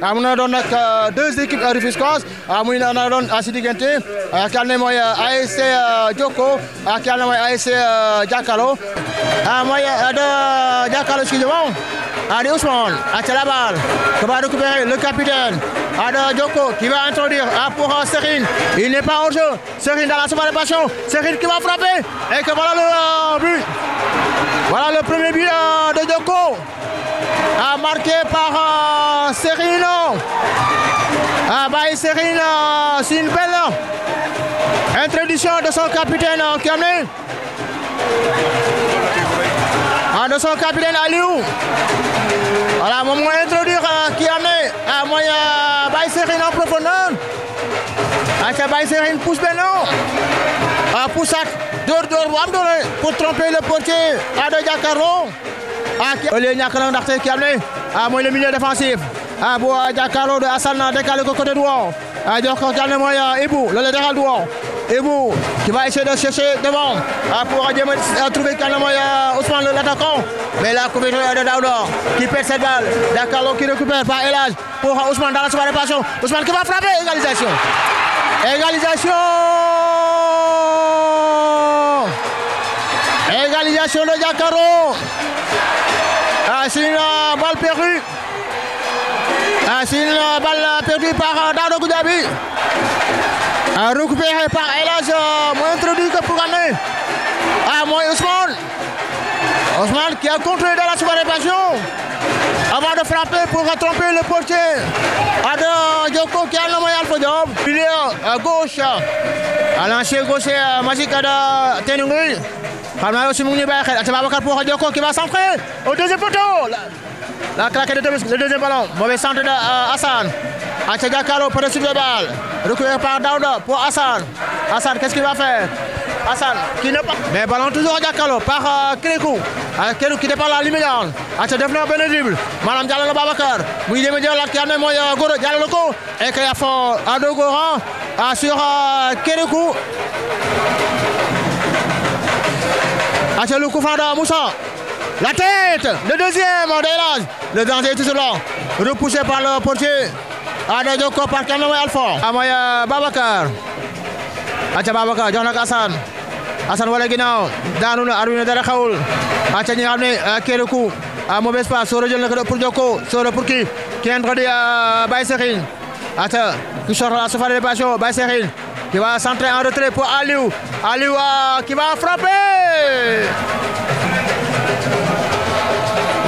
Ah, on donne ah, deux équipes à ah, muy on a à diggante ki À ne mooy ASC Jokko ki al ne ASC de excusez-moi À Ousmane à la balle va récupérer le capitaine À Joko qui va introduire pour Serine il n'est pas en jeu Serine dans la soupe de passion Serine qui va frapper et que voilà le but voilà le premier but de Joko marqué par euh, Serino. Ah, bah, Serino, c'est une belle euh, introduction de son capitaine euh, Kamel. Ah, de son capitaine Aliou. Voilà, euh, ah, moi, à introduire qui a à moi bah en profondeur. Ah, c'est Baïserine pousse belle. Ah, pousse à Dor Dor pour tromper le portier à De ah au lieu ñàkk qui ndaxte ki am ah mooy le milieu défensif ah bu euh, de Asana, décalé de côté droit ah jox ko ki am ne Et Ibou le latéral droit Ibou qui va essayer de chercher devant ah, pour à euh, euh, trouver carrément euh, Ousmane l'attaquant. Mais la couverture de Daouda qui perd cette balle. Dakalo qui récupère par Elage pour Ousmane dans la séparation. Ousmane qui va frapper égalisation. Égalisation réalisation de Jacaro. Ah, c'est une balle perdue. Ah, c'est une balle perdue par Dado Koudjabi. Ah, récupéré par Elas, euh, moins introduit que pour gagner. Ah, moi Ousmane. Ousmane qui a contrôlé dans la sous avant de frapper pour tromper le portier. de Djoko qui a le moyen Diop. Pilier à euh, gauche. À l'ancien gauche euh, magique de Tenungui xam naa aussi mon ngi ñuy Babacar pour wax qui va centrer au deuxième poteau la craque de le deuxième ballon mauvais centre de euh, Hassan Aca Diakalo pour dessus le balle récupéré par Daouda pour Hassan Hassan qu'est-ce qu'il va faire Hassan qui n'est pas mais ballon toujours à Diakalo par euh, Kérékou euh, Kirikou qui dépasse la ligne médiane Aca def na benn dribble maanaam jàllale Babacar muy demee jël qui ki am na mooy Gora et que y a fort à sur Kérékou le coup Moussa. La tête, le deuxième Le danger est toujours là. Repoussé par le portier. Ada Doko par Kanoé Alpha. Amaya ah, euh, Babakar. Acha Babakar, John Hassan. Hassan wala Ginao. daanu na dara Khawul. acha ñi xam ne coup euh, à ah, mauvais pas le le sur le pour Joko le pour qui qui ko à euh, Baye qui sort la faire de passion Baiserin. qui va centrer en retrait pour Aliou Aliou ah, qui va frapper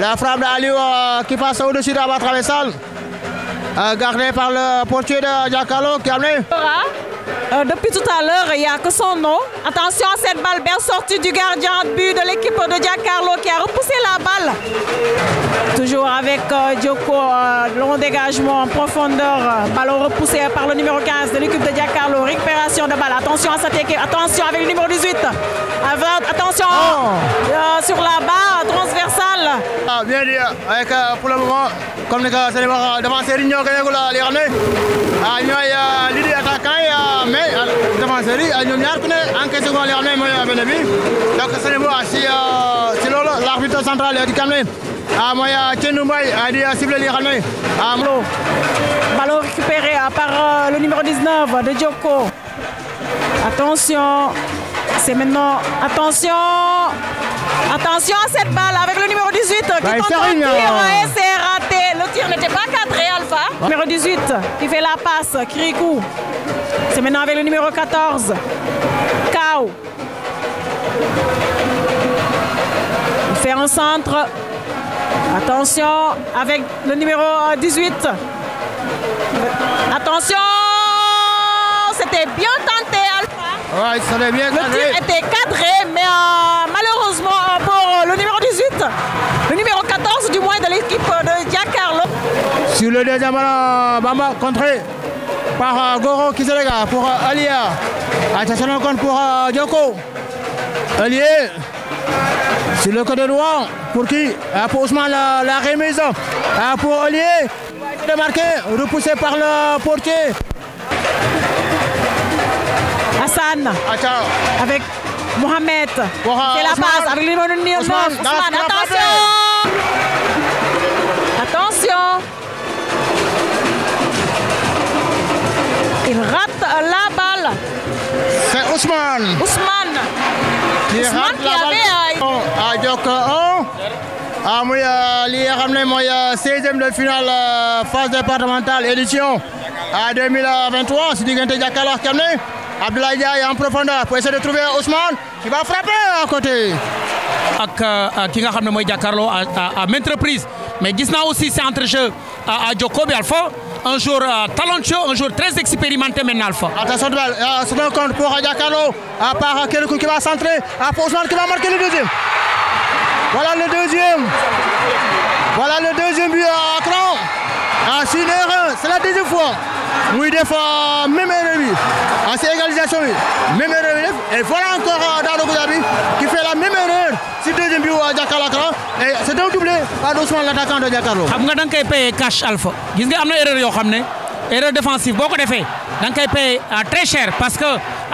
la frappe d'Aliou euh, qui passe au-dessus de la traversale. Euh, gardée par le portier de Giancarlo qui a amené. Euh, depuis tout à l'heure, il n'y a que son nom. Attention à cette balle bien sortie du gardien de but de l'équipe de Giancarlo qui a repoussé Toujours avec euh, Dioko, euh, long dégagement en profondeur. Euh, ballon repoussé par le numéro 15 de l'équipe de Diacarlo. Récupération de balle. Attention à cette équipe. Attention avec le numéro 18. Attention ah. sur la barre transversale. Ah, bien dit. Avec, pour le moment, comme les gars, c'est devant Sérigno, les Rennais. Ah, y a l'idée d'attaquer, mais devant Série, nous avons encaissé les Rennais, mais nous avons Donc, c'est le mot. c'est l'arbitre central du Cameroun. Ah, moi, à à cible Ah, Ballon récupéré à part euh, le numéro 19 de Djoko. Attention, c'est maintenant. Attention, attention à cette balle avec le numéro 18 qui tente tir hein. eh, c'est raté. Le tir n'était pas cadré, Alpha. Numéro 18 qui fait la passe, Kirikou. C'est maintenant avec le numéro 14, Kao. Il fait un centre Attention avec le numéro 18. Attention C'était bien tenté, Alpha. Ouais, ça bien Le tir était cadré, mais euh, malheureusement euh, pour le numéro 18, le numéro 14 du moins de l'équipe de Giancarlo. Sur le deuxième ballon, Bamba contré par euh, Goro Kizalega pour euh, Alia. Attention encore pour Djoko. Alia. C'est le côté droit, pour qui ah, Pour Ousmane, la, la remise. Ah, pour Olier, démarqué, repoussé par le portier. Hassan. Avec Mohamed. C'est la passe avec Ousmane, attention Attention Il rate la balle. C'est Ousmane. Ousmane. Ousmane qui avait à Djoko, 1 ah muy li nga xam ne mooy de finale euh, phase départementale édition à 2023 C'est diggante Jàkkaarloo ak Kemne Abdoulaye en profondeur pour essayer de trouver Ousmane qui va frapper à côté. ak euh, ki nga xam moy à à maintes reprises mais gis aussi c'est entre jeu à à Diokobi Alpha un jour euh, talentueux, un jour très expérimenté maintenant. Alpha. Attention, euh, c'est un compte pour Diakalo, à part Kelukou qui va centrer, à Poznan qui va marquer le deuxième. Voilà le deuxième. Voilà le deuxième but à Akran. À ah, c'est la deuxième fois. Ah, oui, des fois, même et À cette égalisation, même ennemi. Et voilà encore euh, dans le Pape Ousmane l'attaquant de Jakaarlo. xam nga da nga koy cash alpha gis nga amna erreur yo xamné erreur défensive boko défé dang kay payer très cher parce que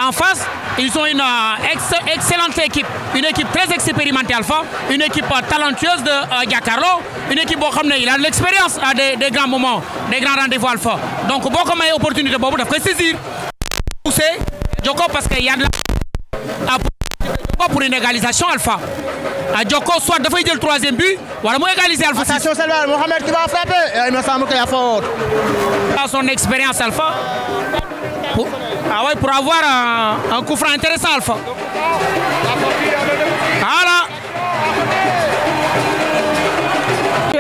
en face ils ont une euh, excellente équipe une équipe très expérimentée alpha une équipe euh, talentueuse de Jakaarlo euh, une équipe bo xamné il a de l'expérience à des grands moments des grands rendez-vous alpha donc boko may opportunité bobu daf koy saisir pousser Joko parce que y a de la pour une égalisation alpha a Djoko soit fait le troisième but Voilà, wala j'ai égaliser Alpha c'est attention Salva Mohamed qui va frapper il me semble qu'il y a faute. son expérience Alpha ah ouais, pour avoir un, un coup franc intéressant Alpha. Voilà.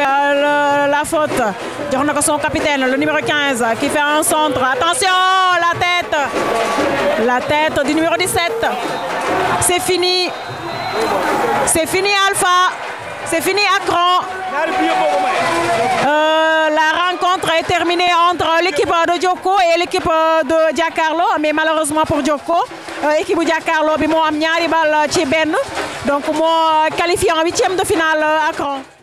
Euh, la faute. On son capitaine le numéro 15 qui fait un centre attention la tête la tête du numéro 17 c'est fini. C'est fini Alpha, c'est fini Akron. Euh, la rencontre est terminée entre l'équipe de Djoko et l'équipe de Giacarlo, mais malheureusement pour Djoko, l'équipe euh, de Giacarlo bi mis donc moi qualifié en huitième de finale Akron.